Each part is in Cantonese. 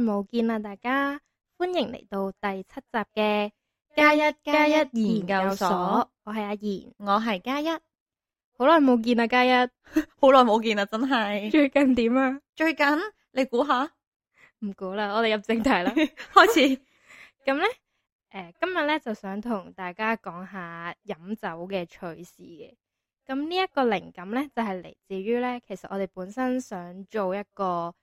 冇見啦，大家歡迎嚟到第七集嘅加一加一研究所。我係阿賢，我係加一。好耐冇見啦，加一，好耐冇見啦，真係。最近點啊？最近？你估下。唔估啦，我哋入正題啦， 開始。咁 呢？誒、呃，今日呢，就想同大家講下飲酒嘅趣事嘅。咁呢一個靈感呢，就係、是、嚟自於呢，其實我哋本身想做一個。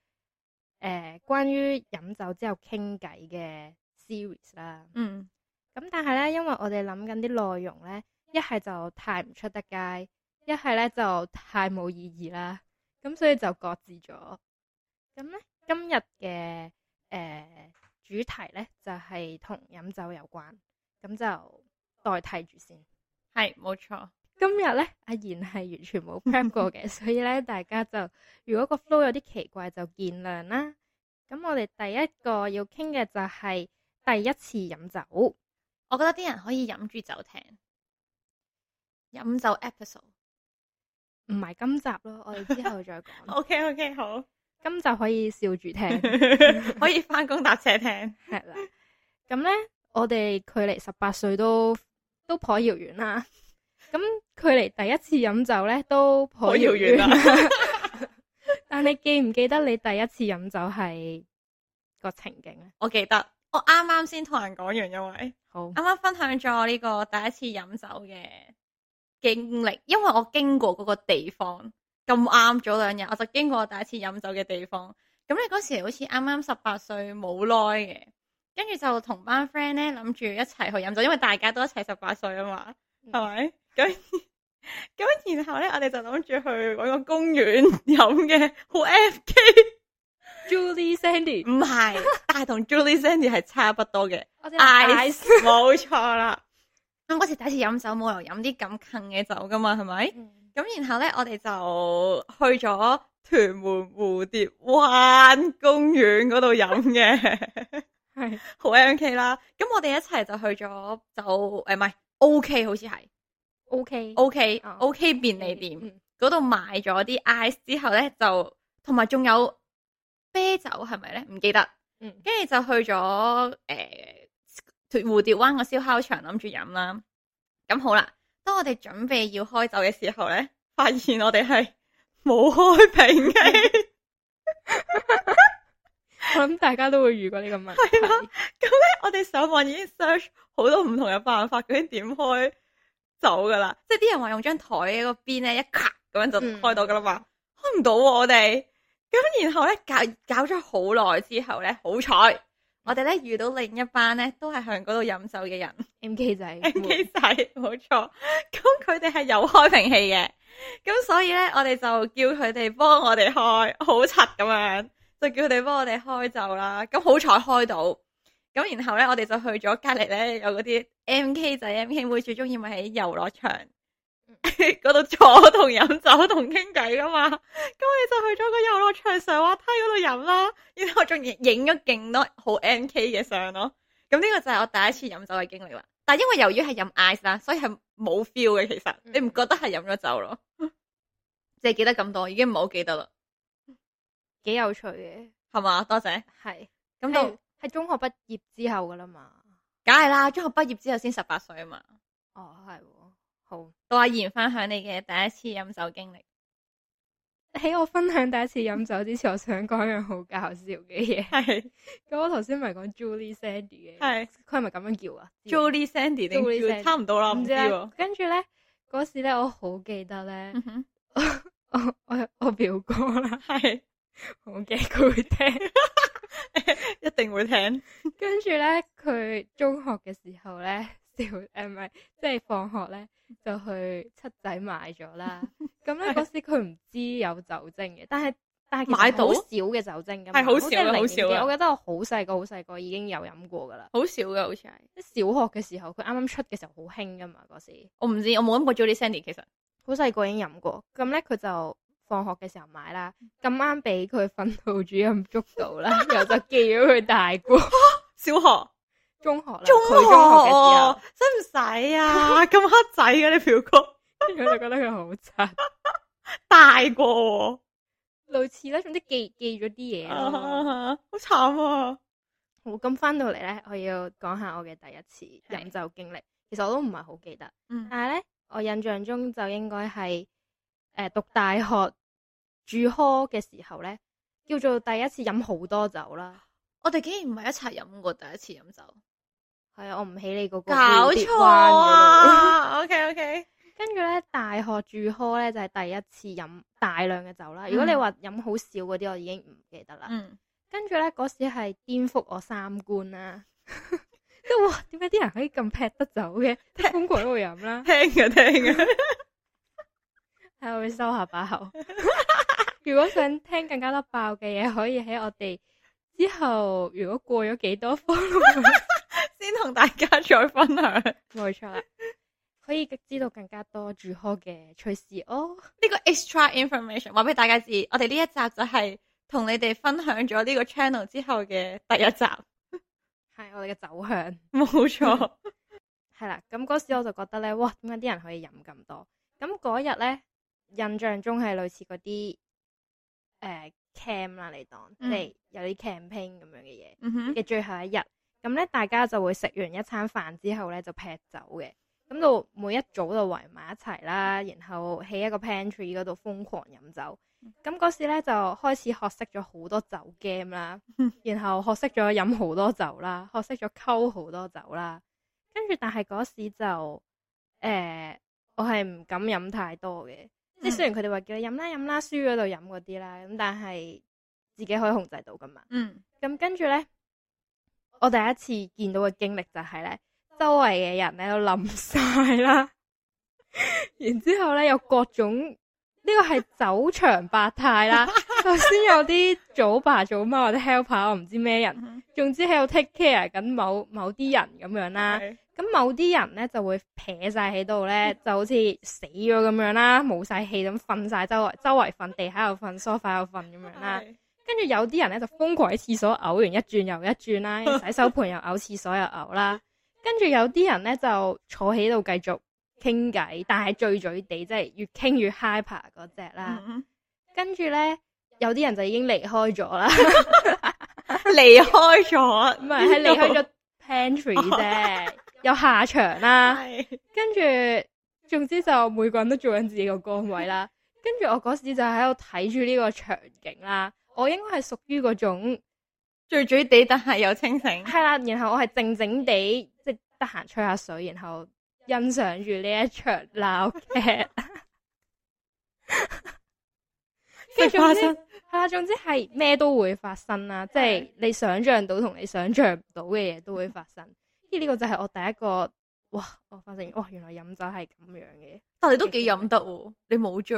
誒、呃，關於飲酒之後傾偈嘅 series 啦，嗯，咁但係咧，因為我哋諗緊啲內容咧，一係就太唔出得街，一係咧就太冇意義啦，咁所以就擱置咗。咁咧，今日嘅誒主題咧就係同飲酒有關，咁就代替住先，係冇錯。今日咧，阿賢係完全冇 plan 過嘅， 所以咧，大家就如果個 flow 有啲奇怪就見諒啦。咁我哋第一個要傾嘅就係第一次飲酒，我覺得啲人可以飲住酒聽，飲酒 episode 唔係今集咯，我哋之後再講。 OK OK，好，今集可以笑住聽， 可以翻工搭車聽，係 啦。咁咧，我哋距離十八歲都都頗遙遠啦。咁距離第一次飲酒咧都好遙遠， 但你記唔記得你第一次飲酒係個情景咧？我記得。我啱啱先同人講完，因為好啱啱分享咗我呢個第一次飲酒嘅經歷，因為我經過嗰個地方咁啱咗兩日，我就經過第一次飲酒嘅地方。咁你嗰時好似啱啱十八歲，冇耐嘅，跟住就同班 friend 咧諗住一齊去飲酒，因為大家都一齊十八歲啊嘛，係咪、嗯？咁咁 然後咧，我哋就諗住去嗰個公園飲嘅，好 MK。Julie Sandy 唔係是， 但係同 Julie Sandy 係差不多嘅。Ice 冇錯啦。嗰時 第一次飲酒，冇有飲啲咁近嘅酒噶嘛？係咪？咁、嗯、然後咧，我哋就去咗屯門蝴蝶灣公園嗰度飲嘅，係 是 好 MK 啦。咁我哋一齊就去咗，就誒唔係 O K，好似係。O K O K O K 便利店嗰度、okay, okay , okay. 買咗啲 ice 之後咧，就同埋仲有啤酒係咪咧？唔記得，嗯，跟住就去咗誒、呃、蝴蝶灣個燒烤場諗住飲啦。咁好啦，當我哋準備要開酒嘅時候咧，發現我哋係冇開瓶嘅。我諗大家都會遇過呢個問題，係咯？咁咧，我哋上網上已經 search 好多唔同嘅辦法，究竟點開？走噶啦，即係啲人話用張台嘅個邊咧，一卡咁樣就開到噶啦嘛，嗯、開唔到、啊、我哋，咁然後咧搞搞咗好耐之後咧，好彩我哋咧遇到另一班咧都係向嗰度飲酒嘅人，M K 仔，M K 仔，冇錯仔，咁佢哋係有開瓶器嘅，咁所以咧我哋就叫佢哋幫我哋開，好柒咁樣，就叫佢哋幫我哋開酒啦，咁好彩開到。咁然後咧，我哋就去咗隔籬咧，有嗰啲 M K 仔 M K 妹最中意咪喺遊樂場嗰度 坐同飲酒同傾偈噶嘛？咁 我哋就去咗個遊樂場上滑梯嗰度飲啦，然後仲影咗勁多好 M K 嘅相咯。咁呢個就係我第一次飲酒嘅經歷啦。但係因為由於係飲 ice 啦，所以係冇 feel 嘅。其實你唔覺得係飲咗酒咯？即 係記得咁多，已經唔好記得啦。幾有趣嘅，係嘛？多謝，係咁就。那到 係中學畢業之後噶啦嘛，梗係啦，中學畢業之後先十八歲啊嘛。哦，係，好，到阿妍分享你嘅第一次飲酒經歷。喺我分享第一次飲酒之前，我想講樣好搞笑嘅嘢。係，咁我頭先咪講 Julie Sandy 嘅，係，佢係咪咁樣叫啊？Julie Sandy 定叫差唔多啦，唔知。跟住咧，嗰時咧，我好記得咧，我我我表哥啦，係。我驚，佢會聽 一定會聽 跟呢。跟住咧，佢中學嘅時候咧，小誒唔係，即係放學咧就去七仔買咗啦。咁咧嗰時佢唔知有酒精嘅，但係但係其實好少嘅酒精噶，係好少嘅，好少嘅。 我覺得我好細個，好細個已經有飲過噶啦，好少嘅，好似係小學嘅時候，佢啱啱出嘅時候好興噶嘛。嗰時我唔知，我冇飲過 Jolly Shandy，其實好細個已經飲過。咁咧佢就。放學嘅時候買啦，咁啱俾佢訓導主任捉到啦，然後就記咗佢大過，小學、中學啦，中學，使唔使啊？咁黑仔嘅，啲表哥，我就覺得佢好差，大過類似咧，總之寄寄咗啲嘢，好慘啊！好，咁翻到嚟咧，我要講下我嘅第一次飲酒經歷，其實我都唔係好記得，但係咧，我印象中就應該係。誒，讀大學住科嘅時候咧，叫做第一次飲好多酒啦。我哋竟然唔係一齊飲過第一次飲酒，係啊，我唔起你嗰個搞錯啊。O K O K，跟住咧，大學住科咧就係、是、第一次飲大量嘅酒啦。嗯、如果你話飲好少嗰啲，我已經唔記得啦。嗯，跟住咧嗰時係顛覆我三觀啦、啊。即 係哇，點解啲人可以咁劈得酒嘅？風鬼會飲啦，聽啊聽啊。聽啊 喺我要收下把口。 如果想聽更加多爆嘅嘢，可以喺我哋之後，如果過咗幾多科， 先同大家再分享。冇錯，可以知道更加多住科嘅趣事。哦，呢個 extra information 話俾大家知。我哋呢一集就係同你哋分享咗呢個 channel 之後嘅第一集。係 我哋嘅走向。冇 錯。係 啦， 咁嗰時我就覺得咧，哇，點解啲人可以飲咁多？咁嗰日咧。印象中係類似嗰啲 camp 啦，嚟當即係、嗯、有啲 camping 咁樣嘅嘢嘅最後一日，咁咧大家就會食完一餐飯之後咧就劈酒嘅，咁到每一早就圍埋一齊啦，然後喺一個 pantry 嗰度瘋狂飲酒，咁嗰、嗯、時咧就開始學識咗好多酒 game 啦， 然後學識咗飲好多酒啦，學識咗溝好多酒啦，跟住但係嗰時就誒、呃、我係唔敢飲太多嘅。即係雖然佢哋話叫你飲啦飲啦，輸嗰度飲嗰啲啦，咁但係自己可以控制到噶嘛。嗯，咁跟住咧，我第一次見到嘅經歷就係咧，周圍嘅人喺度冧晒啦， 然之後咧有各種呢、這個係酒場百態啦。頭先 有啲祖爸祖媽或者 helper，我唔知咩人，嗯、哼總之喺度 take care 緊某某啲人咁樣啦。咁某啲人咧就會撇晒喺度咧，就好似死咗咁樣啦，冇晒氣咁瞓晒周圍，周圍瞓地喺度瞓梳化又瞓咁樣啦。跟住有啲人咧就瘋狂喺廁所嘔完一轉又一轉啦，洗手盆又嘔，廁所又嘔啦。跟住有啲人咧就坐喺度繼續傾偈，但係醉嘴地，即係越傾越 high 爬嗰隻啦。跟住咧有啲人就已經離開咗啦，離開咗，唔係，係離開咗 pantry 啫。有下場啦、啊，是的 跟住，總之就每個人都做緊自己個崗位啦。 跟住我嗰時就喺度睇住呢個場景啦。我應該係屬於嗰種醉醉地，但係又清醒。係 啦，然後我係靜靜地，即係得閒吹下水，然後欣賞住呢一場鬧劇。發 生。係啊，總之係咩都會發生啦，即係的你想象到同你想象唔到嘅嘢都會發生。 呢個就係我第一個哇！我發現哇,哇，原來飲酒係咁樣嘅，但係都幾飲得。嗯、你冇醉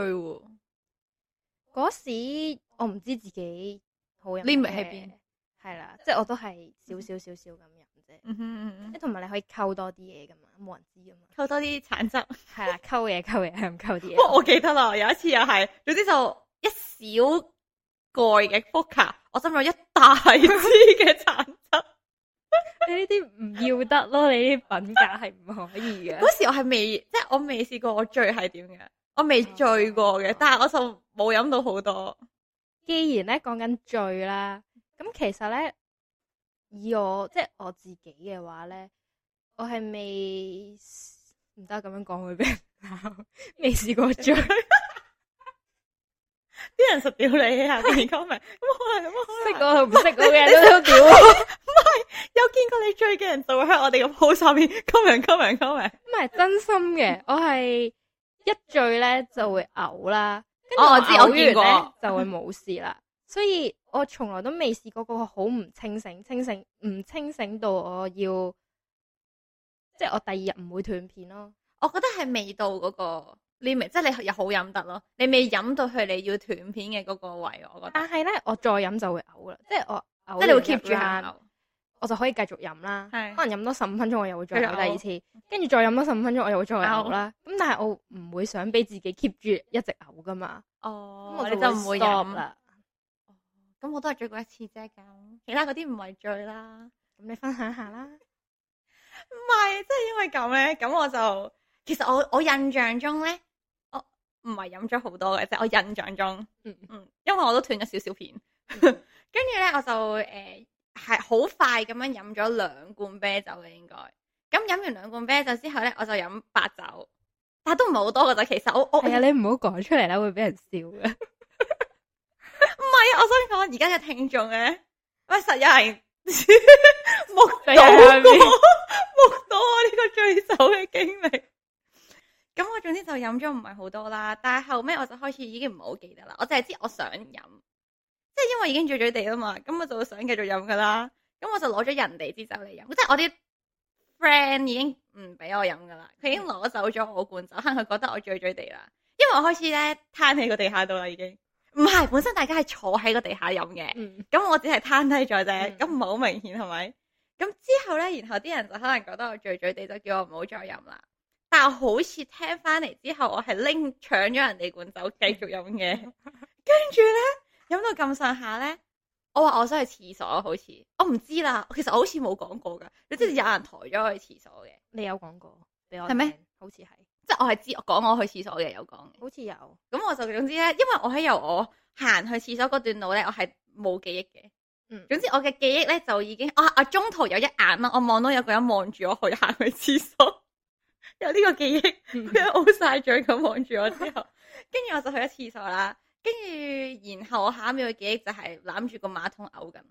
嗰時，我唔知自己好飲。呢味喺邊？係啦，即係我都係少少少少咁飲啫。即同埋你可以溝多啲嘢噶嘛，冇人知噶嘛，溝多啲橙汁。係啊， 溝嘢，溝嘢，係唔溝啲嘢。不過、 哦、我記得啦，有一次又係總之就一小蓋嘅 vodka 我斟咗一大支嘅橙。 你呢啲唔要得咯，你啲品格係唔可以嘅。嗰時我係未，即係我未試過我醉係點嘅？我未醉過嘅，但係我就冇飲到好多。既然咧講緊醉啦，咁其實咧以我即係我自己嘅話咧，我係未唔得咁樣講會俾人鬧，未試過醉。啲人實屌你下邊 comment，咁可能咁可能識我唔識我嘅都屌。有見過你 come on, come on, come on. 醉嘅人，就會喺我哋嘅鋪上面 come in，come in，come in。唔係真心嘅，我係一醉咧就會嘔啦。跟住我知嘔完咧就會冇事啦。所以我從來都未試過嗰個好唔清醒，清醒唔清醒到我要，即係我第二日唔會斷片咯。我覺得係未到嗰個你 e 即係你又好飲得咯。你未飲到佢你要斷片嘅嗰個位，我覺得。但係咧，我再飲就會嘔啦，即係我，即係你會 keep 住我就可以繼續飲啦，的可能飲多十五分鐘我又會再嘔第二次，跟住再飲多十五分鐘我又會再嘔啦。咁噢但係我唔會想俾自己 keep 住一直嘔㗎嘛。哦噢，咁我哋就唔會飲啦。咁我都係醉過一次啫，咁其他嗰啲唔係醉啦。咁你分享下啦。唔係，即係因為咁咧，咁我就其實我我印象中咧，我唔係飲咗好多嘅即係，我印象中，嗯、就是、嗯，因為我都斷咗少少片，跟住咧我就誒。呃係好快咁樣飲咗兩罐啤酒嘅，應該咁飲完兩罐啤酒之後咧，我就飲白酒，但都唔係好多㗎咋。其實我屋企啊，的我你唔好講出嚟，啦會俾人笑嘅。唔係啊，我想講而家嘅聽眾咧，喂，實有人目睹 過目 到我呢個醉酒嘅經歷。咁我總之就飲咗唔係好多啦，但係後尾我就開始已經唔好記得啦，我淨係知我想飲。即係因為已經醉醉地啦嘛，咁我就想繼續飲噶啦，咁我就攞咗人哋支酒嚟飲，即係我啲 friend 已經唔俾我飲噶啦，佢已經攞走咗我罐酒，可能佢覺得我醉醉地啦，因為我開始咧攤喺個地下度啦已經，唔係本身大家係坐喺個地下飲嘅，咁、嗯、我只係攤低咗啫，咁唔係好明顯係咪？咁之後咧，然後啲人就可能覺得我醉醉地，就叫我唔好再飲啦。但係好似聽翻嚟之後，我係拎搶咗人哋罐酒繼續飲嘅， 跟住咧。飲到咁上下咧，我話我想去廁所，好似我唔知啦。其實我好似冇講過噶，你、嗯、即係有人抬咗我去廁所嘅。你有講過？係咩嗎？好似係，即係我係知我講我去廁所嘅，有講嘅。好似有，咁我就總之咧，因為我喺由我行去廁所嗰段路咧，我係冇記憶嘅。嗯，總之我嘅記憶咧就已經，我我中途有一眼啦，我望到有個人望住我去行去廁所， 有呢個記憶，佢烏晒嘴咁望住我之後，跟住 我就去咗廁所啦。跟住，然後我下一秒嘅記憶就係攬住個馬桶嘔緊，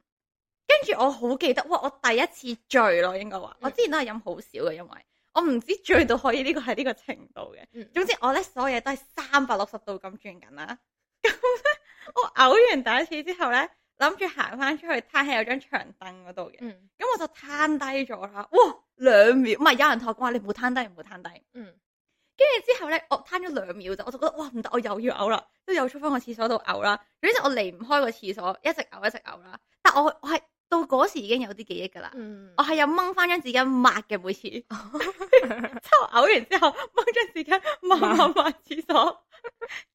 跟住我好記得，哇！我第一次醉咯，應該話，我之前都係飲好少嘅，因為我唔知醉到可以呢個係呢個程度嘅。嗯、總之我咧所有嘢都係三百六十度咁轉緊啦。咁、嗯、咧， 我嘔完第一次之後咧，諗住行翻出去攤喺有張長凳嗰度嘅，咁、嗯、我就攤低咗啦。哇，兩秒，唔係有人同我講話你唔好攤低，唔好攤低，嗯。跟住之後咧，我攤咗兩秒就，我就覺得哇唔得，我又要嘔啦，都又出翻個廁所度嘔啦。總之我離唔開個廁所，一直嘔一直嘔啦。但我我係到嗰時已經有啲記憶噶啦，我係有掹翻張紙巾抹嘅每次，抽嘔完之後掹張紙巾抹抹廁所，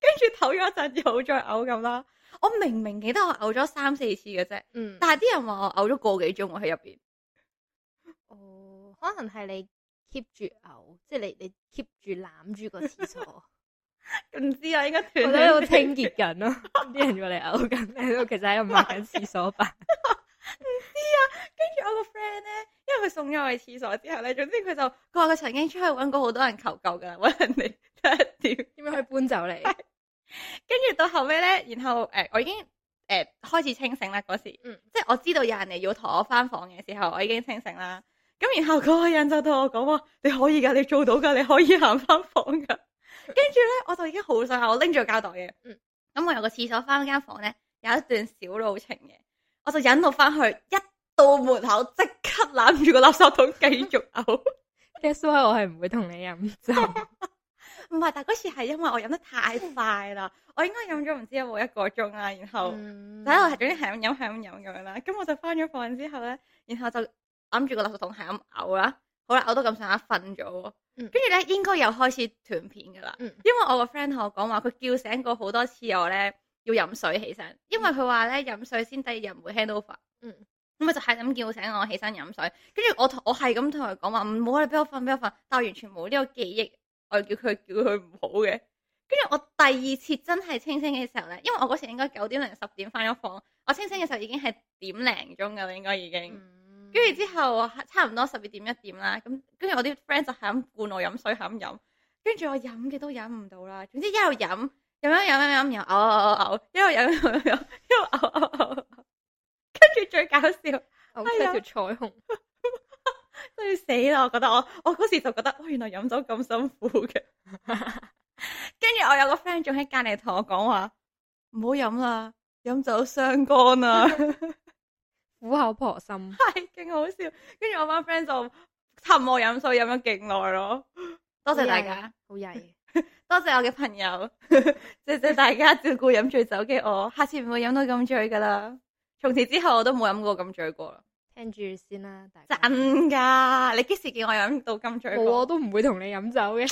跟住唞咗一陣好再嘔咁啦。我明明記得我嘔咗三四次嘅啫，但係啲人話我嘔咗個幾鐘我喺入邊。哦，可能係你。keep 住嘔，即係你你 keep 住攬住個廁所，唔 知啊，應該我喺度清潔緊咯，啲 人過嚟嘔緊，我喺度其實喺度抹緊廁所板。唔 知啊，跟住我個 friend 咧，因為佢送咗我去廁所之後咧，總之佢就佢話佢曾經出去揾過好多人求救噶啦，揾人哋點點樣可以搬走你。跟住 到後尾咧，然後誒、呃，我已經誒、呃、開始清醒啦嗰時，嗯、即係我知道有人嚟，要同我翻房嘅時候，我已經清醒啦。咁然後嗰個人就同我講話，你可以噶，你做到噶，你可以行翻房噶。跟住咧，我就已經好想我拎住膠袋嘅。咁我由個廁所翻間房咧，有一段小路程嘅，我就忍到翻去，一到門口即刻攬住個垃圾桶繼續嘔。Guess what，我係唔會同你飲酒，唔係，但係嗰次係因為我飲得太快啦，我應該飲咗唔知有冇一個鐘啦，然後喺度係咁飲飲飲咁樣啦。咁我就翻咗房之後咧，然後就。攬住個垃圾桶係咁嘔啦，好啦，嘔到咁上下瞓咗，跟住咧，應該又開始斷片噶啦、嗯，因為我個 friend 同我講話，佢叫醒過好多次我咧，要飲水起身，因為佢話咧飲水先第二日唔會 hangover，嗯，咁咪就係咁叫醒我起身飲水，跟住、啊、我同我係咁同佢講話，唔好，你俾我瞓，俾我瞓，但係完全冇呢個記憶，我叫佢叫佢唔好嘅，跟住我第二次真係清醒嘅時候咧，因為我嗰時應該九點零十點翻咗房，我清醒嘅時候已經係點零鐘噶啦，應該已經。嗯跟住之後，差唔多十二點一點啦。咁跟住我啲 friend 就係咁灌我飲水，咁飲。跟住我飲嘅都飲唔到啦。總之一路飲，飲飲飲飲飲，嘔嘔嘔嘔，一路飲飲飲飲飲飲，嘔嘔嘔嘔，一路飲一路嘔嘔嘔，跟住最搞笑，我、嗯、呀出條彩虹，跟住 死啦！我覺得我，我嗰時就覺得，哇、哦！原來飲酒咁辛苦嘅。跟住我有個 friend 仲喺隔籬同我講話，唔好飲啦，飲酒傷肝啊。苦口婆心，係勁、哎、好笑。跟住我班 friend 就差唔多飲水，飲咗勁耐咯。多謝大家，好曳， 多謝我嘅朋友，謝 謝大家照顧飲醉酒嘅我。下次唔會飲到咁醉噶啦。從此之後我都冇飲過咁醉過啦。聽住先啦，大。真噶？你幾時見我飲到咁醉？我都唔會同你飲酒嘅。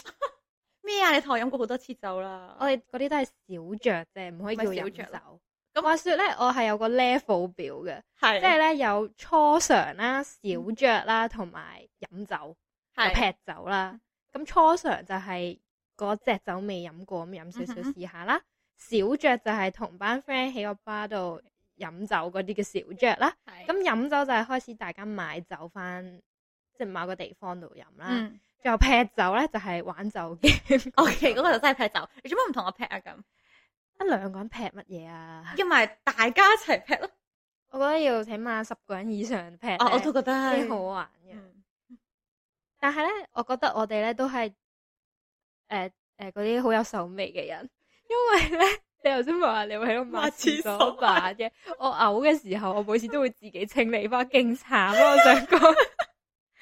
咩 啊？你同我飲過好多次酒啦。我哋嗰啲都係小酌啫，唔可以叫飲酒。咁話說咧，我係有個 level 表嘅，係即係咧，有初嘗啦、小酌啦、同埋飲酒、是劈酒啦。咁、嗯、初嘗就係嗰隻酒未飲過，咁、嗯、飲、嗯、少少試下啦。小酌就係同班 friend 喺個吧度飲酒嗰啲嘅小酌啦。咁飲是、嗯、酒就係開始大家買酒翻，即係某個地方度飲啦。最後、嗯、劈酒咧就係、是、玩酒嘅。OK，嗰個就真係劈酒， 你做乜唔同我劈啊咁？一兩個人劈乜嘢啊？一咪大家一齊劈咯！ 我覺得要起碼十個人以上劈、啊。我都覺得係好玩嘅。嗯、但係咧，我覺得我哋咧都係誒誒嗰啲好有手尾嘅人。 因為咧，你頭先話你會喺度抹廁所板嘅，我嘔嘅時候， 我每次都會自己清理翻，勁慘啊！我想講。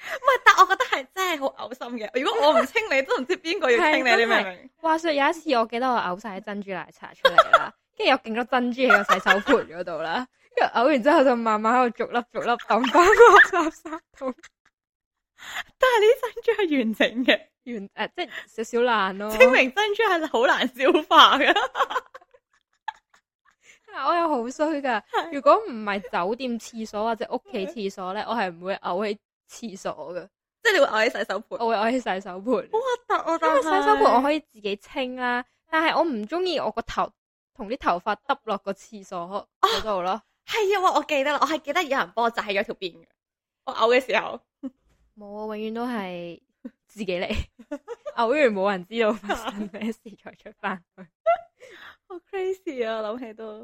唔係，但係我覺得係真係好嘔心嘅。如果我唔清理，都唔知邊個要清理， 你明唔明？話說有一次，我記得我嘔晒珍珠奶茶出嚟啦，跟住 有勁多珍珠喺個洗手盆嗰度啦。跟住嘔完之後，就慢慢喺度逐粒逐粒咁抌翻落垃圾桶。 但係啲珍珠係完整嘅，完誒、呃，即係少少爛咯。清明珍珠係好難消化噶， 我又好衰噶。如果唔係酒店廁所或者屋企廁所咧， 我係唔會嘔起廁所嘅，即係你會嘔喺洗手盆，我會嘔喺洗手盆。好核突，我因為洗手盆我可以自己清啦、啊，但係我唔中意我頭頭個頭同啲頭髮耷落個廁所嗰度咯。係啊、哦，我記得啦，我係記得有人幫我紮喺咗條辮嘅。我嘔嘅時候，冇 啊，永遠都係自己嚟。嘔 完冇人知道發生咩事，再出翻去。 好 crazy 啊！諗起都，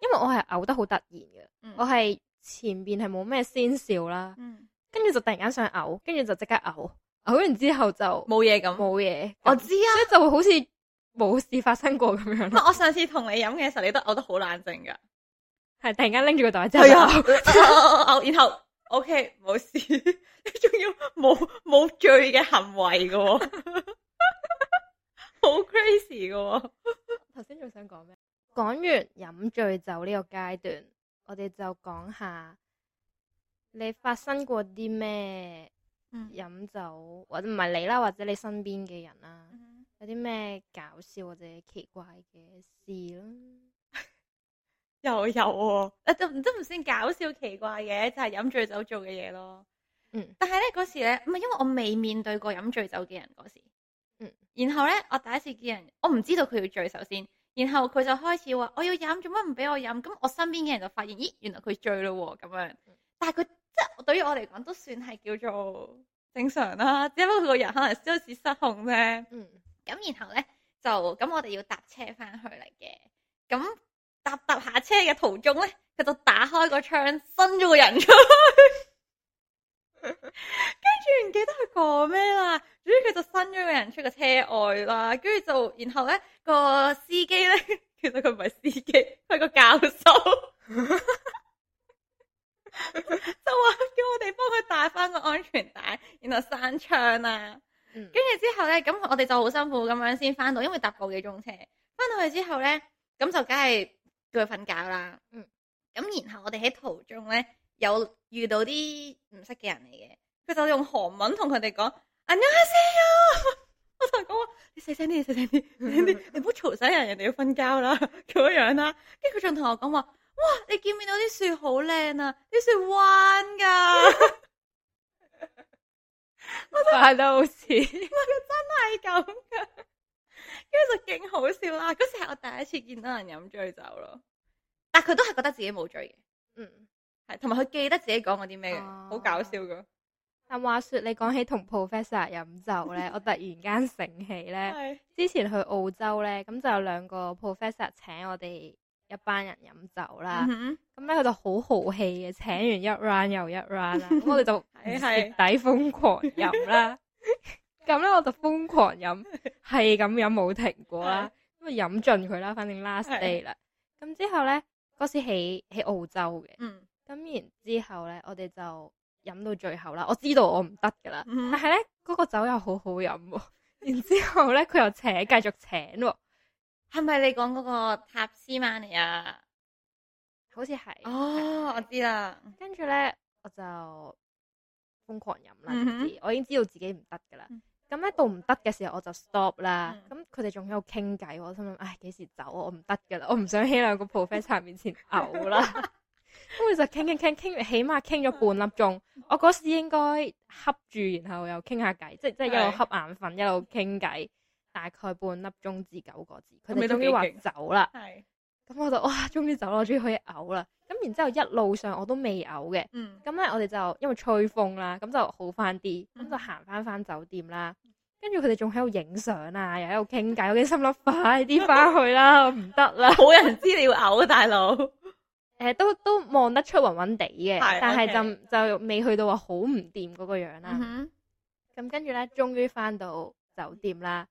因為我係嘔得好突然嘅，嗯、我係前邊係冇咩先兆啦。嗯跟住就突然間想嘔，跟住就即刻嘔，嘔完之後就冇嘢咁，冇嘢，我知啊，所以就會好似冇事發生過咁樣。我上次同你飲嘅時候，你都嘔得好冷靜噶，係突然間拎住個袋之後呦，嘔，然後 OK 冇事， 你仲要冇冇醉嘅行為噶 的， 好 crazy 噶。頭先仲想講咩？講完飲醉酒呢個階段，我哋就講下。你發生過啲咩飲酒、嗯、或者唔係你啦，或者你身邊嘅人啦，嗯、有啲咩搞笑或者奇怪嘅事咯？又 有喎，誒、哦啊、都都唔算搞笑奇怪嘅，就係、是、飲醉酒做嘅嘢咯。嗯，但係咧嗰時咧，唔係因為我未面對過飲醉酒嘅人嗰時，嗯，然後咧我第一次見人，我唔知道佢要醉首先，然後佢就開始話我要飲，做乜唔俾我飲？咁我身邊嘅人就發現，咦，原來佢醉咯咁、哦、樣，但係佢。即係對於我嚟講都算係叫做正常啦、啊，只不過個人可能稍次失控啫。嗯，咁然後咧就咁，我哋要搭車翻去嚟嘅。咁搭搭下車嘅途中咧，佢就打開個窗，伸咗個人出去。跟住唔記得佢講咩啦，總之佢就伸咗個人出個車外啦。跟住就然後咧、個司機咧，其實佢唔係司機，佢係個教授。唱啊！跟住之後咧，咁我哋就好辛苦咁樣先翻到，因為搭過幾鐘車。翻到去之後咧，咁就梗係叫佢瞓覺啦。咁、嗯、然後我哋喺途中咧有遇到啲唔識嘅人嚟嘅，佢就用韓文同佢哋講。 我就講我，你細聲啲，細聲啲，細聲啲，你唔好嘈醒人，人哋要瞓覺啦，咁樣啦。跟住佢仲同我講話，哇！你見唔見到啲樹好靚啊，啲樹彎噶。 我都係到好似，我真係咁嘅。跟住 就勁好笑啦！嗰時係我第一次見到人飲醉酒咯，但佢都係覺得自己冇醉嘅，嗯，係同埋佢記得自己講過啲咩嘅，好、啊、搞笑噶。但話說你講，你講起同 Professor 飲酒咧，我突然間醒起咧，是之前去澳洲咧，咁就有兩個 Professor 請我哋。一班人飲酒啦，咁咧佢就好豪氣嘅，請完一 round 又一 round，咁 我哋就蝕底瘋狂飲啦。咁 咧我就瘋狂飲，係咁飲冇停過啦，咁啊飲盡佢啦，反正 last day 啦。咁之、mm hmm. 後咧嗰時喺喺澳洲嘅，咁、mm hmm. 然之後咧我哋就飲到最後啦。我知道我唔得噶啦，mm hmm. 但係咧嗰個酒又好好飲，啊，然之後咧佢又請繼續請，啊。係咪你講嗰個塔斯曼尼亞？好似係哦，oh, 我知啦。跟住咧，我就瘋狂飲啦。我已經知道自己唔得噶啦。咁咧到唔得嘅時候，我就 stop 啦。咁佢哋仲喺度傾偈，我心諗唉，幾時走啊？我唔得噶啦，我唔想喺兩個 professor 面前嘔啦。咁 就傾傾傾傾，起碼傾咗半粒鐘。嗯、我嗰時應該瞌住，然後又傾下偈、就是，即係即係一路瞌眼瞓，一路傾偈。大概半粒鐘至九個字，佢哋終於話走啦。係咁，我就哇，終於走啦，我終於可以嘔啦。咁然之後一路上我都未嘔嘅。咁咧我哋就因為吹風啦，咁就好翻啲，咁就行翻翻酒店啦。跟住佢哋仲喺度影相啊，又喺度傾偈。我驚心諗，快啲翻去啦，唔得啦，冇人知你會嘔啊，大佬。誒，都都望得出暈暈地嘅，但係就就未去到話好唔掂嗰個樣啦。咁跟住咧，終於翻到酒店啦。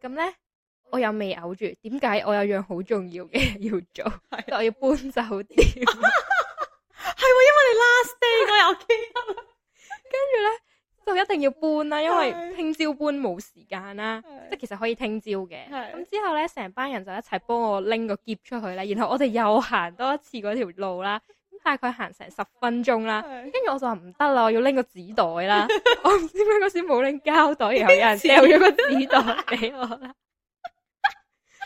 咁咧，我又未嘔住，點解？我有樣好重要嘅要做，我要搬走啲，係因為你 last day 我有記得啦。跟住咧就一定要搬啦，因為聽朝搬冇時間啦， 即係其實可以聽朝嘅。咁 是 之後咧，成班人就一齊幫我拎個篋出去啦。然後我哋又行多一次嗰條路啦。大概行成十分鐘啦，跟住我就話唔得啦，我要拎個紙袋啦。我唔知點解嗰時冇拎膠袋，然後有人掉咗個紙袋俾我啦。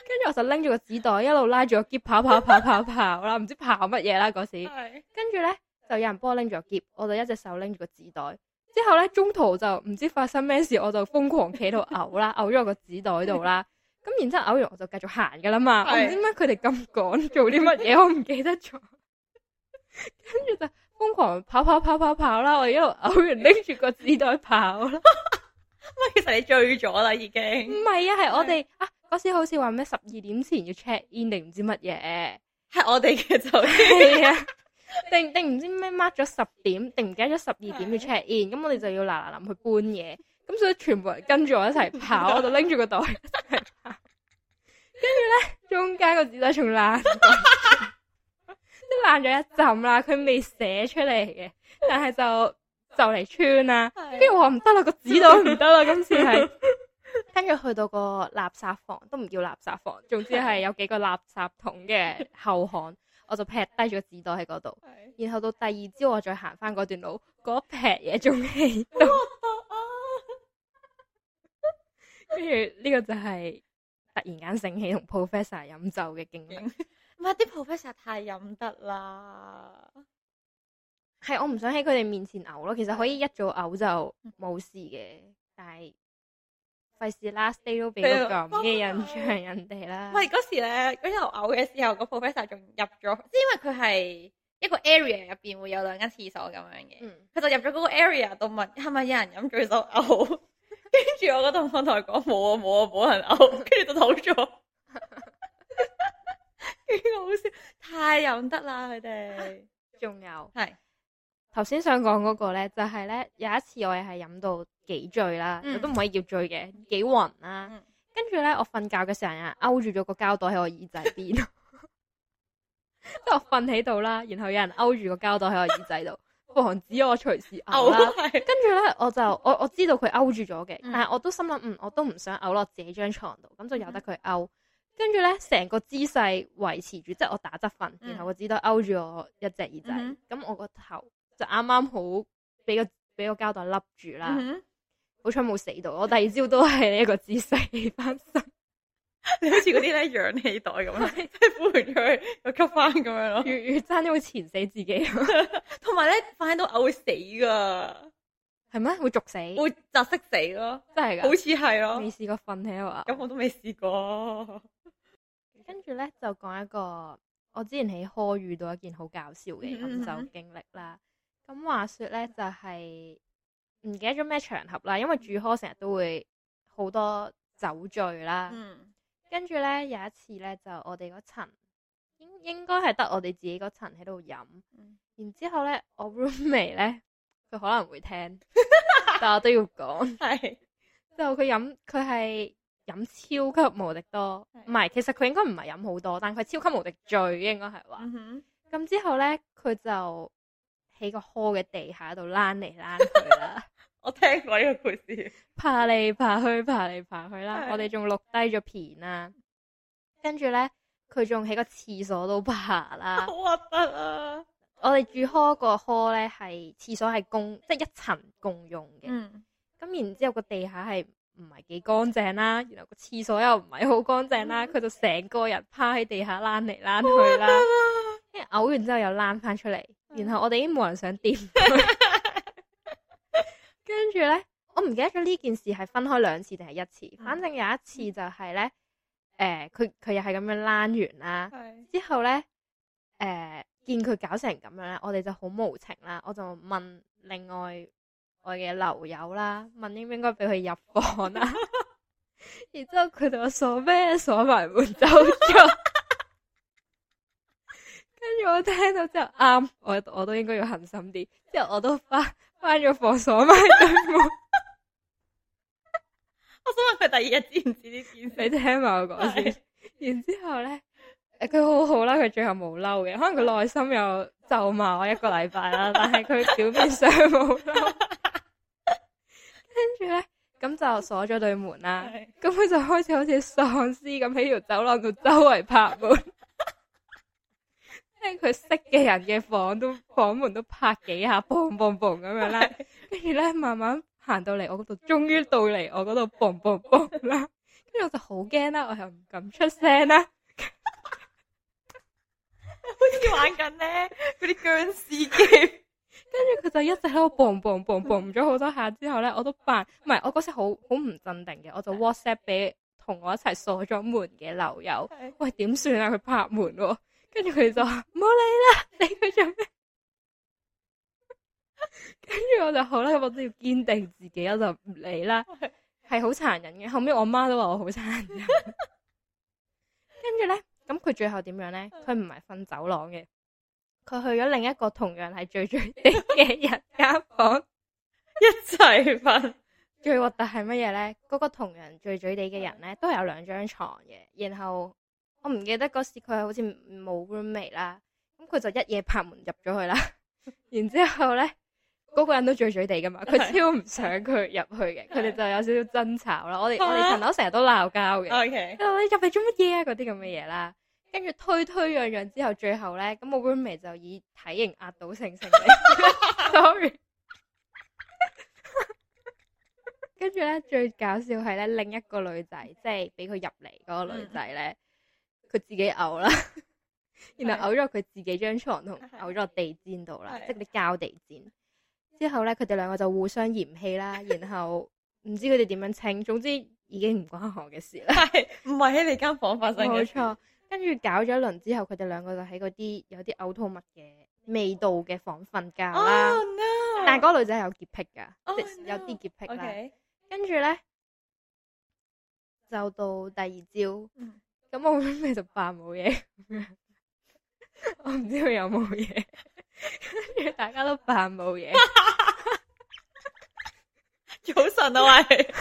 跟住我就拎住個紙袋，一路拉住個篋跑跑跑跑跑啦，唔知跑乜嘢啦嗰時。跟住咧就有人幫我拎住個篋，我就一隻手拎住個紙袋。之後咧，中途就唔知發生咩事，我就瘋狂企度嘔啦，嘔咗個紙袋度啦。咁然之後嘔完，我就繼續行噶啦嘛。我唔知點解佢哋咁趕，做啲乜嘢我唔記得咗。跟住就瘋狂跑，跑跑跑跑跑啦！我一路嘔完拎住個紙袋跑啦。唔 其實你醉咗啦，已經。唔係啊，係我哋是啊，嗰時好似話咩十二點前要 check in、啊、定唔知乜嘢，係我哋嘅就業定定唔知咩 mark 咗十點，定唔記咗十二點要 check in，咁是、嗯、我哋就要嗱嗱臨去搬嘢。咁所以全部人跟住我一齊跑，我就拎住個袋一齊跑。 跟住咧，中間個紙袋仲爛。 爛咗一浸啦，佢未寫出嚟嘅，但係就就嚟穿啦。跟住的話，唔得啦，個紙袋唔得啦， 今次係。跟住去到個垃圾房，都唔叫垃圾房，總之係有幾個垃圾桶嘅後巷，我就劈低咗個紙袋喺嗰度。的然後到第二朝，我再行翻嗰段路，嗰劈嘢仲喺度。跟住呢個就係突然間醒起同 Professor 飲酒嘅經歷。啲 professor 太飲得啦，係我唔想喺佢哋面前嘔咯。其實可以一早嘔就冇事嘅， 但係費事 last day 都俾咁嘅印象人哋啦。喂， 嗰時咧，嗰日我嘔嘅時候，個 professor 仲入咗，即係因為佢係一個 area 入邊會有兩間廁所咁樣嘅，佢、嗯、就入咗嗰個 area 度問係咪有人飲醉咗嘔， 我跟住我嗰同學同佢講冇啊冇啊冇人嘔，跟住就逃咗。好笑太，太飲得啦佢哋。仲，有係頭先想講嗰個咧，就係咧有一次我又係飲到幾醉啦，嗯、我都唔可以叫醉嘅，幾暈啦。嗯、跟住咧我瞓覺嘅時候啊，勾住咗個膠袋喺我耳仔邊，即係 我瞓喺度啦。然後有人勾住個膠袋喺我耳仔度， 防止我隨時嘔啦。嗯、 跟住咧我就我我知道佢勾住咗嘅，但係我都心諗嗯，我都唔想嘔落自己張床度，咁就由得佢勾。 跟住咧，成個姿勢維持住，即係我打側瞓，然後我隻都勾住我一隻耳仔，咁我個頭就啱啱好俾個俾個膠袋笠住啦。好彩冇死到，我第二朝都係呢一個姿勢翻身。你好似嗰啲咧氧氣袋咁，即係呼佢，又吸翻咁樣咯。越越爭會纏死自己，同埋咧翻到嘔會死噶，係咩？會焗死，會窒息死咯？真係噶？好似係咯，未試過瞓喺度啊？咁我都未試過。跟住咧就講一個我之前喺柯遇到一件好搞笑嘅飲酒經歷啦。咁話說咧就係、是、唔記得咗咩場合啦，因為住柯成日都會好多酒醉啦。嗯，跟住咧有一次咧就我哋嗰層應應該係得我哋自己嗰層喺度飲。嗯、然之後咧我 roommate 咧佢可能會聽， 但我都要講。係是，之後佢飲佢係。飲超級無敵多，唔係的，其實佢應該唔係飲好多，但係佢超級無敵醉，應該係話。咁、嗯、哼之後咧，佢就喺個 hole 嘅地下度躝嚟躝去啦。我聽過呢個故事，爬嚟爬去，爬嚟爬去啦。 我哋仲錄低咗片啦。的片跟住咧，佢仲喺個廁所度爬啦。好核突啊！我哋住 hole 個 hole 咧，係廁所係共即係一層共用嘅。嗯、咁、嗯、然之後，然後個地下係。唔係幾乾淨啦，然後個廁所又唔係好乾淨啦，佢 就成個人趴喺地下躝嚟躝去啦，因為嘔完之後又躝翻出嚟， 然後我哋已經冇人想掂，跟住咧我唔記得咗呢件事係分開兩次定係一次，反正有一次就係咧，誒，佢佢又係咁樣躝完啦，是之後咧誒、呃、見佢搞成咁樣咧，我哋就好無情啦，我就問另外。我嘅樓友啦，問應唔應該俾佢入房啦， 然之後佢就鎖咩鎖埋門走咗，跟住 我聽到之後啱、嗯，我我都應該要狠心啲，之後我都翻翻咗房鎖埋門。 我想問佢第二日知唔知啲件，你聽埋我講先。 然之後咧，佢好好啦，佢最後冇嬲嘅，可能佢內心有咒罵我一個禮拜啦， 但係佢表面上冇。跟住咧，咁就鎖咗對門啦。咁佢的就開始好似喪屍咁喺條走廊度周圍拍門，跟 佢識嘅人嘅房都房門都拍幾下 boom boom boom 咁樣啦。跟住咧，慢慢行到嚟我嗰度，終於到嚟我嗰度 boom boom boom 啦。跟住 我就好驚啦，我又唔敢出聲啦， 好似玩緊咧，嗰啲殭屍 game 跟住佢就一直喺度砰砰砰砰咗好多下之後咧，我都扮唔係，我嗰時好好唔鎮定嘅，我就 WhatsApp 俾同我一齊鎖咗門嘅樓友，喂，點算啊？佢拍門，跟住佢就話冇理啦，理佢做咩？跟住我就好啦，我都要堅定自己，我就唔理啦，係好殘忍嘅。後尾我媽都話我好殘忍。跟住咧，咁佢最後點樣咧？佢唔係瞓走廊嘅。佢去咗另一個同樣係醉醉地嘅人間房一齊瞓，最核突係乜嘢咧？嗰個同樣醉醉地嘅人咧都有兩張床嘅，然後我唔記得嗰時佢好似冇 roommate 啦，咁佢就一夜拍門入咗去啦， 然之後咧嗰、嗰個人都醉醉地噶嘛，佢超唔想佢入去嘅，佢哋 Okay. 就有少少爭吵啦。我哋 我哋層樓成日都鬧交嘅，OK，你入嚟做乜嘢啊？嗰啲咁嘅嘢啦。跟住推推讓讓之後，最後咧咁，我 roommate 就以體型壓倒性勝利。sorry，跟住咧最搞笑係咧另一個女仔，即係俾佢入嚟嗰個女仔咧，佢自己嘔啦， 然後嘔咗佢自己張床同嘔咗地氈度啦， 即係啲膠地氈。之後咧佢哋兩個就互相嫌棄啦， 然後唔知佢哋點樣清，總之已經唔關我嘅事啦。係唔係喺你間房發生嘅？冇錯。跟住搞咗一輪之後，佢哋兩個就喺嗰啲有啲嘔吐物嘅味道嘅房瞓覺啦。Oh, no. 但係嗰個女仔有潔癖噶，oh, no. 有啲潔癖啦。跟住咧就到第二朝，咁、嗯、我諗你就扮冇嘢， 我唔知佢有冇嘢。跟 住大家都扮冇嘢， 早晨啊喂，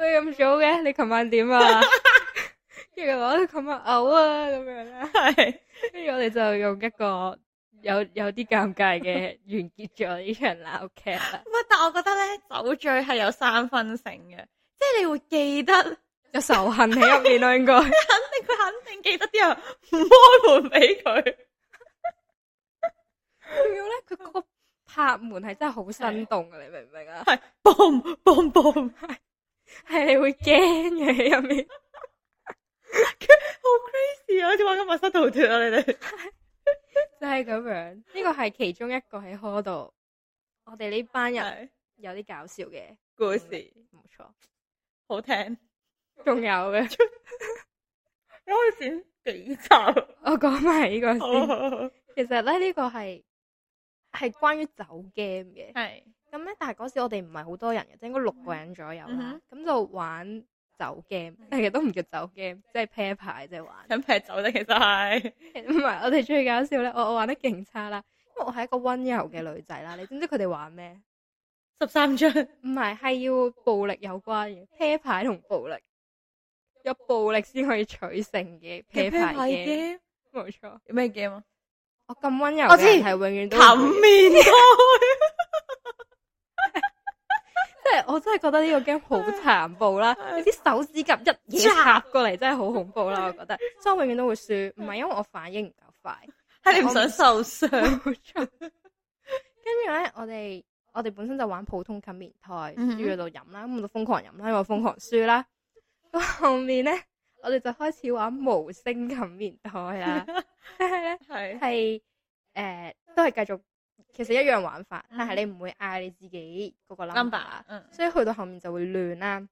喂 咁 早嘅，你琴晚點啊？ 跟住我喺度冚下嘔啊咁樣啦，係。跟住我哋就用一個有有啲尷尬嘅完結咗呢場鬧劇。乜？ 但係我覺得咧，酒醉係有三分醒嘅，即係你會記得有仇恨喺入面咯，應該 。肯定佢肯定記得啲人唔開門俾佢。仲要咧，佢嗰個拍門係真係好生動嘅是，你明唔明啊？係，boom boom boom，係，係你會驚嘅喺入面。我哋你 就係咁樣，呢個係其中一個喺 hall 度，我哋呢班人有啲搞笑嘅故事，冇錯、嗯，錯好聽，仲有嘅， 你可以選幾集。 我講埋呢個先，好好好，其實咧呢、這個係係關於酒 game 嘅，係咁咧。但係嗰時我哋唔係好多人嘅，即應該六個人左右啦。咁、嗯、哼就玩。酒 game，但其實都唔叫酒 game，即係啤牌即係玩，想劈走啫，其實係唔係？我哋最搞笑咧，我我玩得勁差啦，因為我係一個溫柔嘅女仔啦，你知唔知佢哋玩咩？十三張唔係，係要暴力有關嘅啤牌同暴力，有暴力先可以取勝嘅啤牌 game 冇錯。有咩 game 啊？我咁溫柔嘅人係永遠都冚面 我真係覺得呢個 game 好殘暴啦，啲 手指甲一插過嚟真係好恐怖啦，我覺得，所以我永遠都會輸，唔係因為我反應唔夠快，係 你唔想受傷。跟住咧，我哋我哋本身就玩普通冚棉胎，要喺度飲啦，咁、hmm. 我就瘋狂飲啦，因為我瘋狂輸啦。咁後面咧，我哋就開始玩無聲冚棉胎啦，係係誒，都係繼續。其實一樣玩法，嗯、但係你唔會嗌你自己嗰個 number，碼所以去到後面就會亂啦。嗯、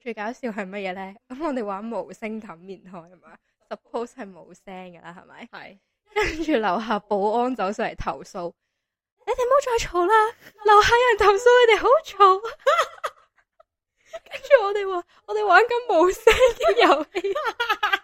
最搞笑係乜嘢咧？咁我哋玩無聲冚棉胎啊嘛，suppose 係冇聲噶啦，係咪？係是。跟住樓下保安走上嚟投訴，你哋唔好再嘈啦！樓下有人投訴你哋好嘈，跟 住 我哋話，我哋玩緊無聲嘅遊戲。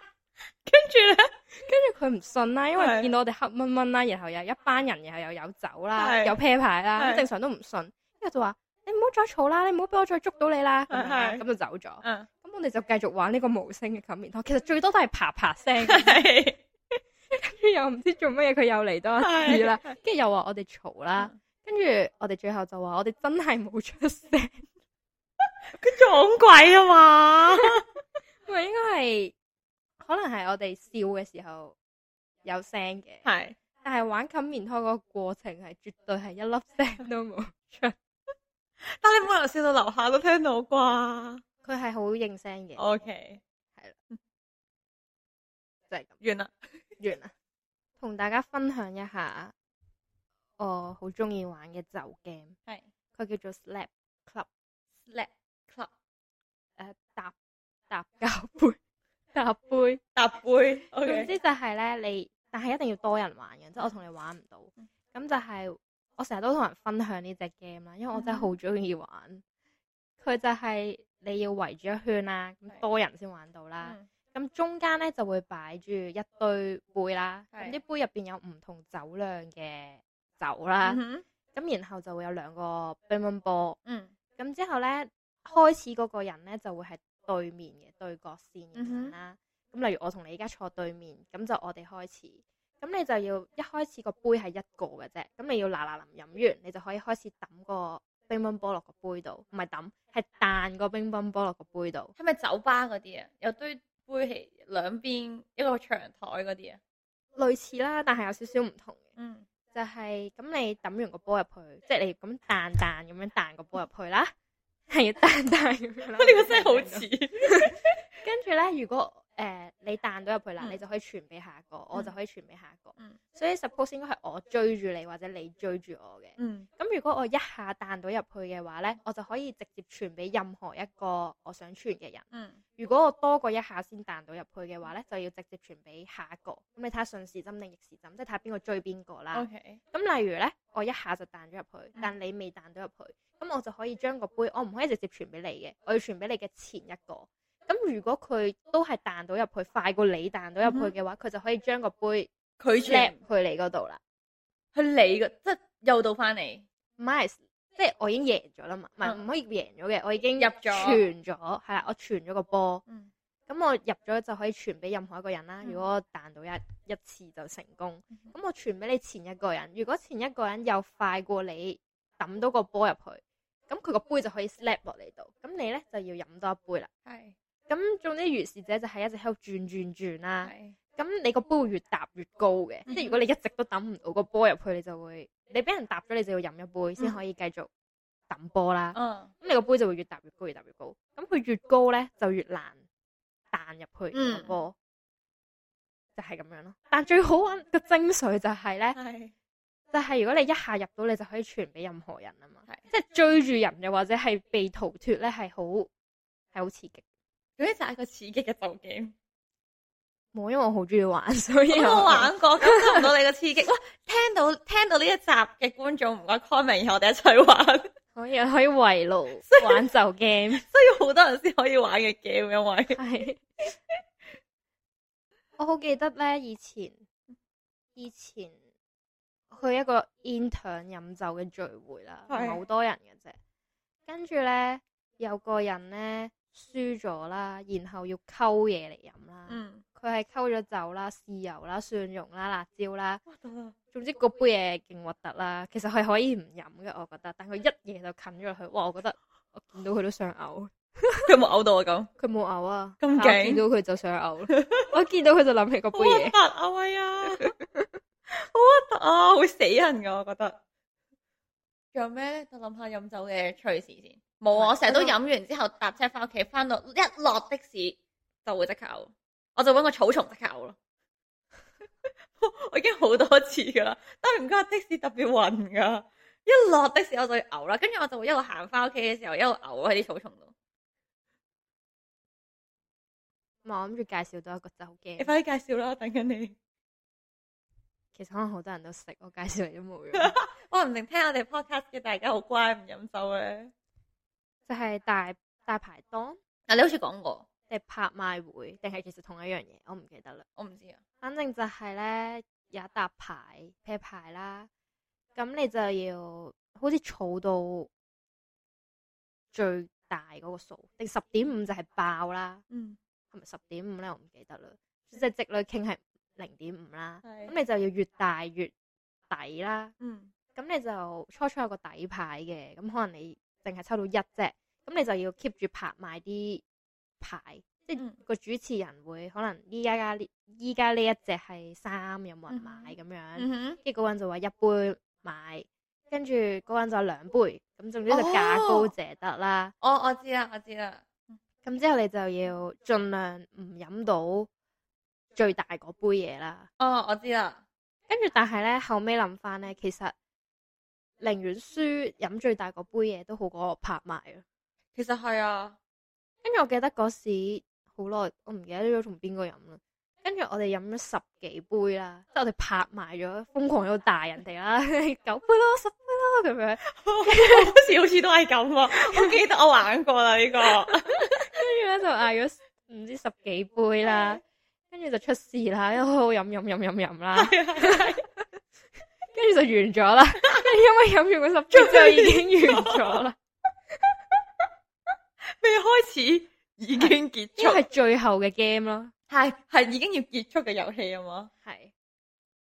跟住咧，跟住佢唔信啦，因為見到我哋黑蚊蚊啦，然後又一班人，然後又有酒啦，有啤牌啦，正常都唔信。跟住就話你唔好再嘈啦，你唔好俾我再捉到你啦，咁就走咗。咁我哋就繼續玩呢個無聲嘅吸面，其實最多都係啪啪聲。跟住又唔知做乜嘢，佢又嚟多次啦，跟住又話我哋嘈啦，跟住我哋最後就話我哋真係冇出聲。佢撞鬼啊嘛？唔係應該係？可能係我哋笑嘅時候有聲嘅，係是，但係玩冚棉胎嗰個過程係絕對係一粒聲都冇出， 但你冇人笑到樓下都聽到啩？佢係好應聲嘅。O K，係啦，的嗯、就係咁完啦了， 完啦，同大家分享一下我好中意玩嘅就 game 係，佢是叫做 Slap Club，Slap Club，誒 club、呃，搭搭膠杯。搭杯搭杯，總之就係咧你，但係一定要多人玩嘅，即係我同你玩唔到。咁就係我成日都同人分享呢隻 game 啦，因為我真係好中意玩。佢就係你要圍住一圈啦，咁多人先玩到啦。咁中間咧就會擺住一堆杯啦，咁啲杯入邊有唔同酒量嘅酒啦。咁然後就會有兩個乒乓波。嗯，咁之後咧開始嗰個人咧就會係。對面嘅對角線嘅人啦，咁、嗯、哼例如我同你而家坐對面，咁就我哋開始，咁你就要一開始個杯係一個嘅啫，咁你要嗱嗱臨飲完，你就可以開始抌個乒乓波落個杯度，唔係抌，係彈個乒乓波落個杯度，係咪酒吧嗰啲啊？有堆杯係兩邊一個長台嗰啲啊？類似啦，但係有少少唔同嘅，嗯，就係、是、咁你抌完個波入去，即、就、係、是、你咁彈彈咁樣彈個波入去啦。 係啊，但但係咁樣啦，你 個聲好似。跟住咧，如果。誒、呃，你彈到入去啦，嗯、你就可以傳俾下一個，嗯、我就可以傳俾下一個。嗯、所以 suppose 應該係我追住你或者你追住我嘅。咁、嗯、如果我一下彈到入去嘅話呢，我就可以直接傳俾任何一個我想傳嘅人。嗯、如果我多過一下先彈到入去嘅話呢，就要直接傳俾下一個。咁你睇下順時針定逆時針，即係睇下邊個追邊個啦。咁、嗯、例如呢，我一下就彈咗入去，但你未彈到入去，咁我就可以將個杯，我唔可以直接傳俾你嘅，我要傳俾你嘅前一個。咁如果佢都係彈到入去，快過你彈到入去嘅話，佢就可以將個杯佢 lap 去你嗰度啦。係你嘅，即係又到翻嚟。Miss，即係我已經贏咗啦嘛，唔係唔可以贏咗嘅，我已經入咗傳咗，係啦，我傳咗個波。咁、嗯、我入咗就可以傳俾任何一個人啦。嗯、如果彈到一一次就成功，咁、嗯、我傳俾你前一個人，如果前一個人又快過你抌到個波入去，咁佢個杯就可以 slap 落嚟度，咁你咧就要飲多一杯啦。係。咁，總之，如是者就係一直喺度轉轉轉啦、啊。咁是你個杯會越搭越高嘅，嗯、即係如果你一直都抌唔到個波入去，你就會你俾人搭咗，你就要飲一杯先、嗯、可以繼續抌波啦。咁、嗯、你個杯就會越搭越高，越搭越高。咁佢越高咧，就越難彈入去、嗯、個波，就係、是、咁樣咯。但最好玩嘅精髓就係咧，是就係如果你一下入到，你就可以傳俾任何人啊嘛。即係是追住人又或者係被逃脱咧，係好係好刺激。呢集一個刺激嘅酒 game，冇，因為我好中意玩，所以我，我玩過，咁唔 到你嘅刺激？哇！聽到聽到呢一集嘅觀眾唔該 comment，然後我哋一齊玩可，可以可以圍爐玩酒 game，所以好多人先可以玩嘅 game，因為係 我好記得咧，以前以前去一個 intern 飲酒嘅聚會啦，好是多人嘅啫，跟住咧有個人咧。輸咗啦，然後要溝嘢嚟飲啦。嗯，佢係溝咗酒啦、豉油啦、蒜蓉啦、辣椒啦。哇！總之個杯嘢勁核突啦。其實係可以唔飲嘅，我覺得。但佢一夜就啃咗落去。哇！我覺得我見到佢都想嘔。佢冇嘔到我？咁佢冇嘔啊，咁勁！我見到佢就想嘔。我見到佢就諗起個杯嘢。阿威啊，好核突啊，會死人噶，我覺得。仲有咩咧？就諗下飲酒嘅趣事先。冇啊！What? 我成日都飲完之後搭車翻屋企，翻到一落的士就會得嘔，我就搵個草叢得嘔咯。 我已經好多次噶啦，但係唔覺得的士特別暈噶，一落的士我就嘔啦，跟住我就會一路行翻屋企嘅時候一路嘔喺啲草叢度。我諗住介紹到一個覺酒好，你快啲介紹啦，等緊你。其實可能好多人都食，我介紹一模冇樣。 我唔定聽我哋 podcast 嘅大家好乖唔飲酒咧。就係大大排檔，啊，你好似講過，係拍賣會定係其實同一樣嘢，我唔記得啦，我唔知啊。反正就係咧，有一搭牌啤牌啦，咁你就要好似儲到最大嗰個數，定十點五就係爆啦，嗯，係咪十點五咧？我唔記得啦，即係值率傾係零點五啦，咁你就要越大越抵啦，嗯，咁你就初初有個底牌嘅，咁可能你。淨係抽到一隻，咁你就要 keep 住拍賣啲牌，即係個、嗯、主持人會可能依家呢依家呢一隻係三，有冇人買咁、嗯、樣？跟住嗰個人就話一杯買，跟住嗰個人就兩杯，咁總之就價高者得啦。哦，我知啦，我知啦。咁之後你就要盡量唔飲到最大嗰杯嘢啦。哦，我知啦。跟住，但係咧後尾諗翻咧，其實。寧願輸飲最大嗰杯嘢都好過我拍埋。啊！其實係啊，跟住我記得嗰時好耐，我唔記得咗同邊個飲啦。跟住我哋飲咗十幾杯啦，即係我哋拍埋咗，瘋狂要大人哋啦，九杯咯，十杯咯，咁樣嗰時好似都係咁啊！ 我記得我玩過啦呢、這個， 跟住咧就嗌咗唔知十幾杯啦，跟住就出事啦，好好飲，飲飲飲飲飲啦。係係跟住就完咗啦，因為飲完嗰十樽就已經完咗啦，未開始已經結束，係最後嘅 game 咯，係係已經要結束嘅遊戲啊嘛，係是是，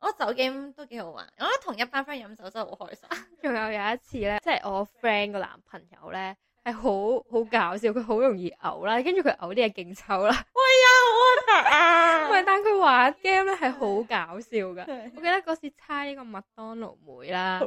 我酒 game 都幾好玩，我覺得同一班 friend 飲酒真係好開心，仲有有一次咧，即係我 friend 個男朋友咧。係好好搞笑，佢好容易嘔啦，跟住佢嘔啲嘢勁臭啦。哎呀，好核突啊！唔係，但佢玩 game 咧係好搞笑噶。我記得嗰時猜呢個麥當勞妹啦，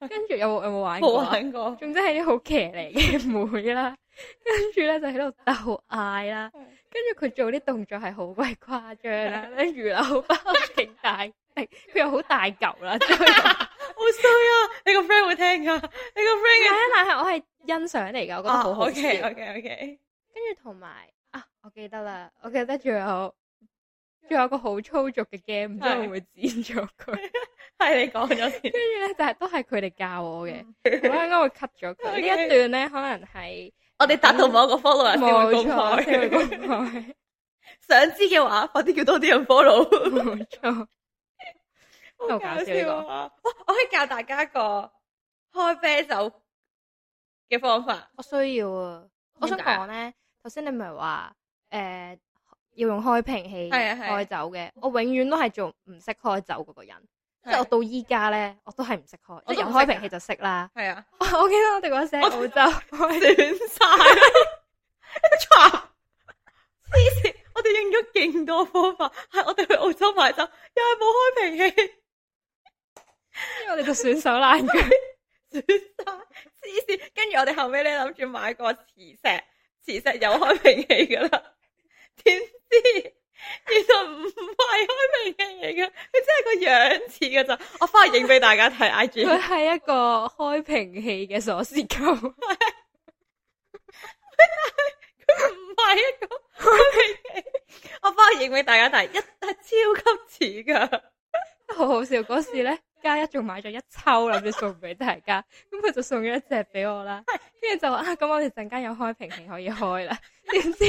跟住有，有冇玩過？冇玩過。總之係啲好騎呢嘅妹啦，跟住咧就喺度鬥嗌啦，跟住佢做啲動作係好鬼誇張啦，跟住柳包勁大，佢又好大嚿啦，好衰啊！你個 friend 會聽噶？你個 friend 係啊，但係我係。欣賞嚟噶，我覺得好好笑。OK OK 跟住同埋啊，我記得啦，我記得仲有仲有個好粗俗嘅 game，唔知會唔會剪咗佢？係你講咗先。跟住咧就係都係佢哋教我嘅，我啱啱會 cut 咗佢呢一段咧。可能係我哋達到某個 follow 先會公開。想知嘅話，快啲叫多啲人 follow。冇錯，好搞笑呢個。我可以教大家個開啤酒。嘅方法，我需要啊！我想講咧，頭先你唔係話誒要用開瓶器開酒嘅，我永遠都係做唔識開酒嗰個人，即係我到依家咧我都係唔識開，即係有開瓶器就識啦。係啊！我記得我哋話去澳洲開唔晒，錯！黐線！我哋用咗勁多方法，係我哋去澳洲買酒，又係冇開瓶器，因為我哋就選手爛嘅。鑽石，黐線！跟住我哋後尾咧諗住買個磁石，磁石有開瓶器噶啦，點知其實唔唔係開瓶器嚟噶，佢真係個樣似噶咋，我翻去影俾大家睇 IG。佢係一個開瓶器嘅鎖匙扣，佢唔係一個開瓶器，我翻去影俾大家睇，一係超級似噶，好 好笑嗰時咧。家一仲買咗一抽諗住送俾大家，咁佢 就送咗一隻俾我啦。跟住 就話啊，咁我哋陣間有開瓶器可以開啦。唔 知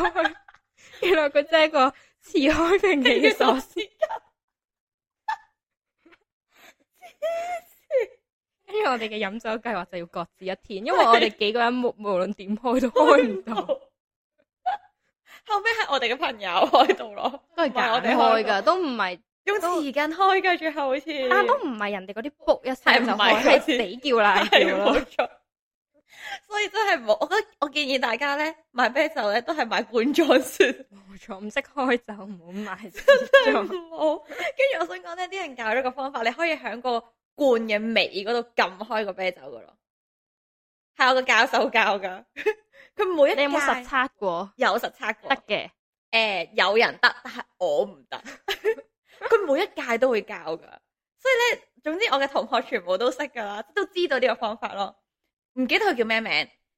翻到去，原來佢真係個遲開瓶器嘅鎖匙。跟住 我哋嘅飲酒計劃就要各自一天，因為我哋幾個人無論點 開都開唔到。 後尾係我哋嘅朋友開到咯，都係我哋開噶， 都唔係。用時間開嘅，最後好似啊，都唔係人哋嗰啲卜一齊開，係死叫啦，係冇錯。 所以真係冇，我覺得我建議大家咧買啤酒咧都係買罐裝先，冇 錯。唔識開酒，唔 好買，真係唔好。跟住我想講呢啲人教咗個方法，你可以喺個罐嘅尾嗰度撳開個啤酒噶咯。係 我個教授教噶，佢 每一你有冇實測過？有實測過，得嘅。誒、欸，有人得，但係我唔得。 佢每一屆都會教噶，所以咧，總之我嘅同學全部都識噶啦，都知道呢個方法咯，唔記得佢叫咩名。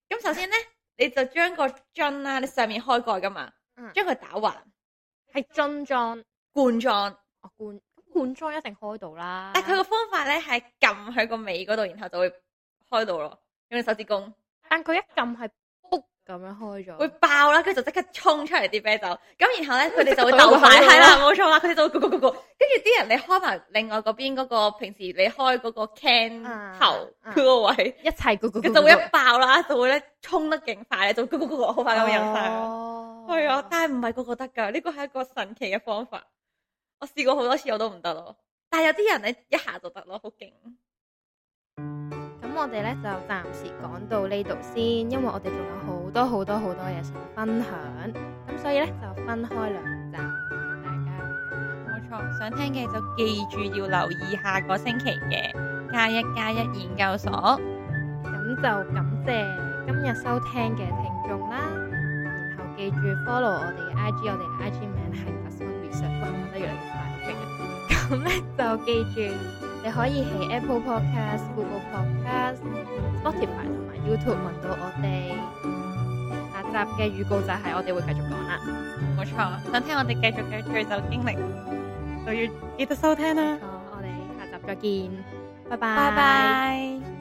咁首先咧，你就將個樽啦，啊，你上面開蓋噶嘛，將佢打橫，係樽裝，罐裝，哦，罐罐裝一定開到啦。但佢個方法咧係撳喺個尾嗰度，然後就會開到咯，用隻手指公。但佢一撳係。咁樣開咗，會爆啦，跟住就即刻衝出嚟啲啤酒，咁然後咧佢哋就會鬥快係啦，冇錯啦，佢哋就會咕咕咕咕，跟住啲人你開埋另外嗰邊嗰個平時你開嗰個 can 頭個位，嗯嗯、一齊咕咕，佢就會一爆啦、嗯，就會咧衝得勁快咧，就咕咕咕好快咁飲晒，係啊，哦、 但係唔係個個得噶，呢個係一個神奇嘅方法，我試過好多次我都唔得咯，但係有啲人咧一下就得咯，好勁。我哋咧就暫時講到呢度先，因為我哋仲有好多好多好多嘢想分享，咁所以咧就分開兩集。大家冇錯，想聽嘅就記住要留意下個星期嘅加一加一研究所。咁就感謝今日收聽嘅聽眾啦，然後記住 follow 我哋嘅 IG，我哋 IG 名係 p e r s o n a 越嚟越快嘅。咁、okay？咧 就記住。你可以喺 Apple Podcast、Google Podcast、Spotify 同埋 YouTube 搵到我哋。下集嘅預告就係我哋會繼續講啦，冇錯，想聽我哋繼續嘅醉酒經歷，就要記得收聽啦。冇錯，我哋下集再見，拜拜。Bye bye